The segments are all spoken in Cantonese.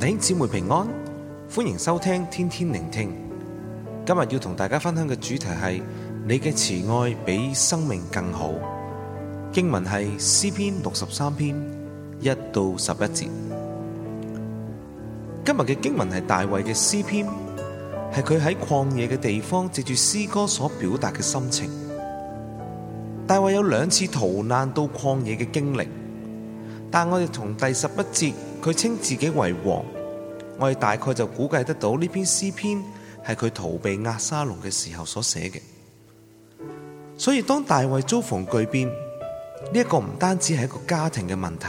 弟兄姊妹平安，歡迎收聽天天靈聽。今日要同大家分享嘅主題係你嘅慈愛比生命更好。經文係詩篇六十三篇一到十一節。今日嘅經文係大衛嘅詩篇，係佢喺曠野嘅地方藉住詩歌所表達嘅心情。大衛有兩次逃難到曠野嘅經歷。但我哋從第十一節，佢稱自己為王，我哋大概就估計得到呢篇詩篇係佢逃避押沙龍嘅時候所寫嘅。所以當大衛遭逢巨變，呢、這、一個唔單止係一個家庭嘅問題，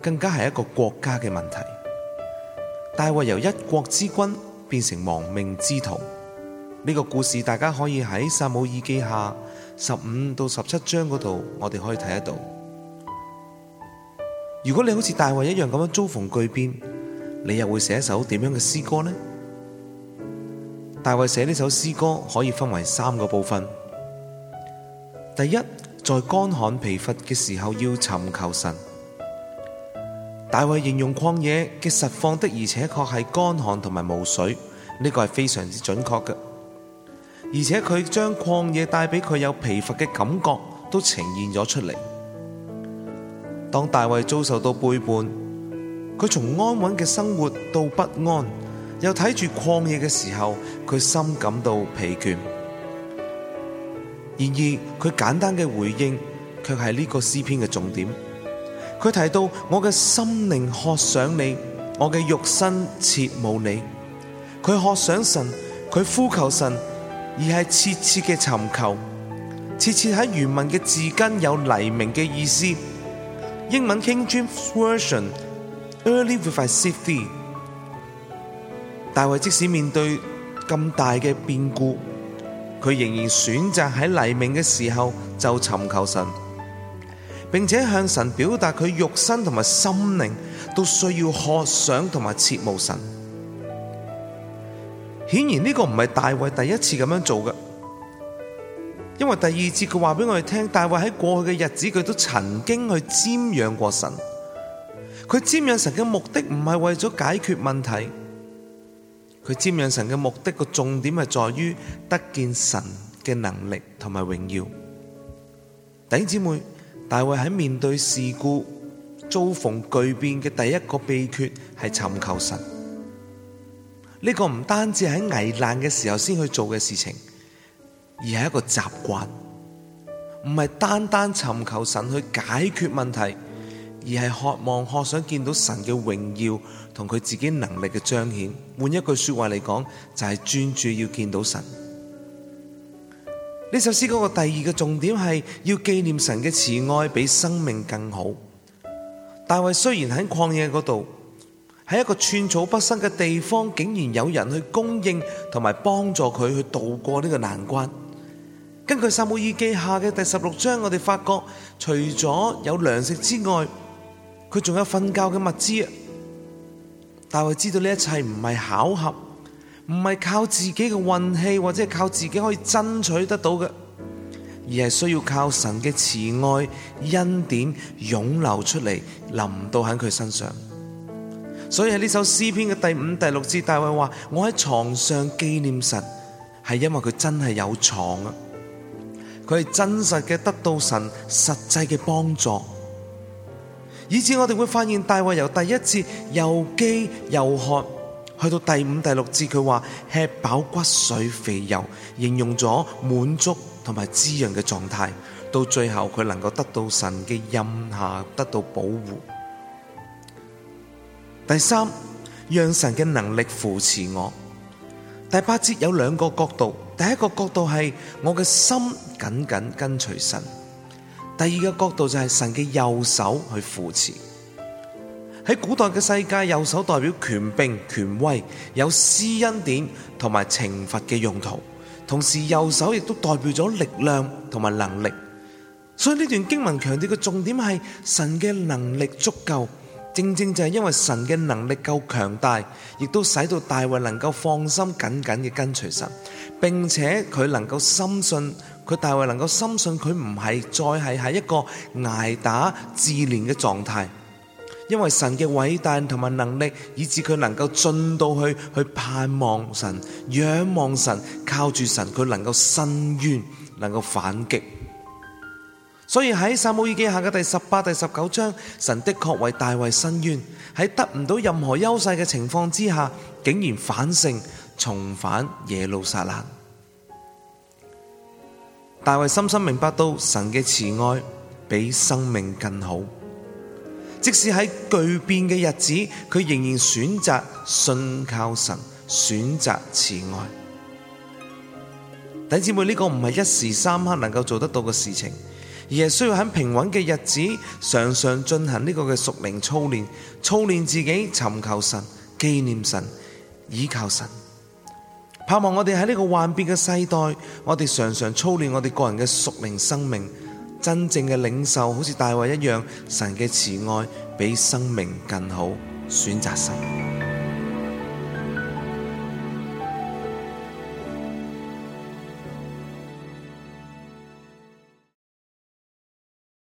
更加係一個國家嘅問題。大衛由一國之君變成亡命之徒，呢、這個故事大家可以喺撒母耳記下十五到十七章嗰度，我哋可以睇得到。如果你好似大衛一樣咁樣遭逢巨變，你又會寫一首點樣嘅詩歌呢？大衛寫呢首詩歌可以分為三個部分。第一，在乾旱疲乏嘅時候要尋求神。大衛形容曠野嘅實況的，而且確係乾旱同埋無水，呢個係非常之準確嘅。而且佢將曠野帶俾佢有疲乏嘅感覺都呈現咗出嚟。當大衛遭受到背叛，佢從安穩嘅生活到不安，又睇住曠野嘅時候，佢心感到疲倦。然而佢簡單嘅回應，卻係呢個詩篇嘅重點。佢提到我嘅心靈渴想你，我嘅肉身切慕你。佢渴想神，佢呼求神，而係切切嘅尋求，切切喺原文嘅字根有黎明嘅意思。英文 King James Version early will I seek thee 大衛即使面對咁大嘅變故，佢仍然選擇喺黎明嘅時候就尋求神，並且向神表達佢肉身同埋心靈都需要渴想同埋切慕神。顯然呢個唔係大衛第一次咁樣做嘅。因為第二次佢話俾我哋聽，大衛喺過去嘅日子佢都曾經去瞻仰過神，佢瞻仰神嘅目的唔係為咗解決問題，佢瞻仰神嘅目的個重點係在於得見神嘅能力同埋榮耀。弟兄姊妹，大衛喺面對事故遭逢巨變嘅第一個秘訣係尋求神，呢、這個唔單止喺危難嘅時候先去做嘅事情。而係一個習慣，唔係單單尋求神去解決問題，而係渴望、渴想見到神嘅榮耀同佢自己能力嘅彰顯。換一句說話嚟講，就係專注要見到神。呢首詩嗰個第二個重點係要紀念神嘅慈愛比生命更好。大衛雖然喺曠野嗰度，喺一個寸草不生嘅地方，竟然有人去供應同埋幫助佢去渡過呢個難關。根據撒母耳記下嘅第十六章，我哋發覺除咗有糧食之外，佢仲有瞓覺嘅物資。大衛知道呢一切唔係巧合，唔係靠自己嘅運氣或者係靠自己可以爭取得到嘅，而係需要靠神嘅慈愛恩典湧流出嚟淋到喺佢身上。所以喺呢首詩篇嘅第五、第六節，大衛話，我喺床上紀念神，係因為佢真係有床。佢係真實嘅，得到神實際嘅幫助，以至我哋會發現大衛由第一節又饑又渴，去到第五、第六節佢話吃飽骨髓肥油，形容咗滿足同埋滋潤嘅狀態。到最後佢能夠得到神嘅蔭下，得到保護。第三，讓神嘅能力扶持我。第八節有兩個角度。第一個角度係我嘅心緊緊跟隨神，第二個角度就係神嘅右手去扶持。喺古代嘅世界，右手代表權柄、權威，有施恩典同埋懲罰嘅用途。同時右手亦都代表咗力量同埋能力。所以呢段經文強調嘅重點係神嘅能力足夠。正正就係因為神嘅能力夠強大，亦都使到大衛能夠放心緊緊嘅跟隨神，並且佢能夠深信，佢大衛能夠深信佢唔係再係喺一個挨打自憐嘅狀態，因為神嘅偉大同埋能力，以致佢能夠進到去去盼望神、仰望神、靠住神，佢能夠伸冤、能夠反擊。所以喺撒母耳記下嘅第十八、第十九章，神的確為大衛伸冤，喺得唔到任何優勢嘅情況之下，竟然反勝，重返耶路撒冷。大衛深深明白到神嘅慈愛比生命更好，即使喺巨變嘅日子，佢仍然選擇信靠神，選擇慈愛。弟兄姊妹，呢、這個唔係一時三刻能夠做得到嘅事情。亦需要喺平穩嘅日子，常常進行呢個嘅屬靈操練，操練自己，尋求神，紀念神，倚靠神，盼望我哋喺呢個幻變嘅世代，我哋常常操練我哋個人嘅屬靈生命，真正嘅領受，好似大衛一樣，神嘅慈愛比生命更好，選擇神。